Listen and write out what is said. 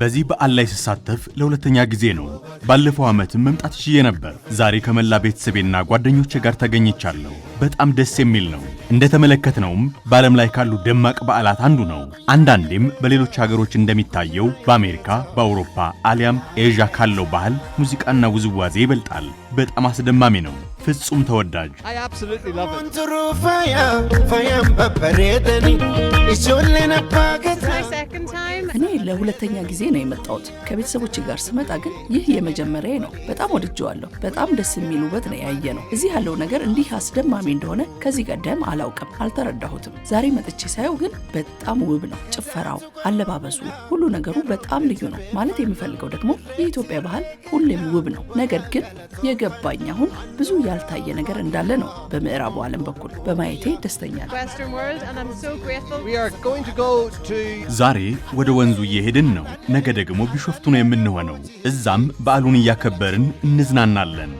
በዚህ በዓል ላይ ስሳተፍ ለሁለተኛ ጊዜ ነው። ባለፈው ዓመትም መምጣት ችዬ ነበር። ዛሬ ከመላ ቤተሰቤና ጓደኞቼ ጋር ተገኝቻለሁ። በጣም ደስ የሚል ነው። እንደተመለከትነውም በዓለም ላይ ካሉ ደማቅ በዓላት አንዱ ነው። አንዳንዴም በሌሎች ሀገሮች እንደሚታየው በአሜሪካ፣ በአውሮፓ አሊያም ኤዥያ ካለው ባህል ሙዚቃና ውዝዋዜ ይበልጣል። በጣም አስደማሚ ነው። ፍጹም ተወዳጅ እኔ ለሁለተኛ ጊዜ ነው የመጣሁት። ከቤተሰቦች ጋር ስመጣ ግን ይህ የመጀመሪያ ነው። በጣም ወድጀዋለሁ። በጣም ደስ የሚል ውበት ነው ያየ ነው። እዚህ ያለው ነገር እንዲህ አስደማሚ እንደሆነ ከዚህ ቀደም አላውቅም፣ አልተረዳሁትም። ዛሬ መጥቼ ሳየው ግን በጣም ውብ ነው። ጭፈራው፣ አለባበሱ፣ ሁሉ ነገሩ በጣም ልዩ ነው። ማለት የሚፈልገው ደግሞ የኢትዮጵያ ባህል ሁሌም ውብ ነው። ነገር ግን የገባኝ አሁን ብዙ ያልታየ ነገር እንዳለ ነው። በምዕራቡ ዓለም በኩል በማየቴ ደስተኛ ነው። ዛሬ ወደ ወንዙ እየሄድን ነው። ነገ ደግሞ ቢሾፍቱ ነው የምንሆነው። እዛም በዓሉን እያከበርን እንዝናናለን።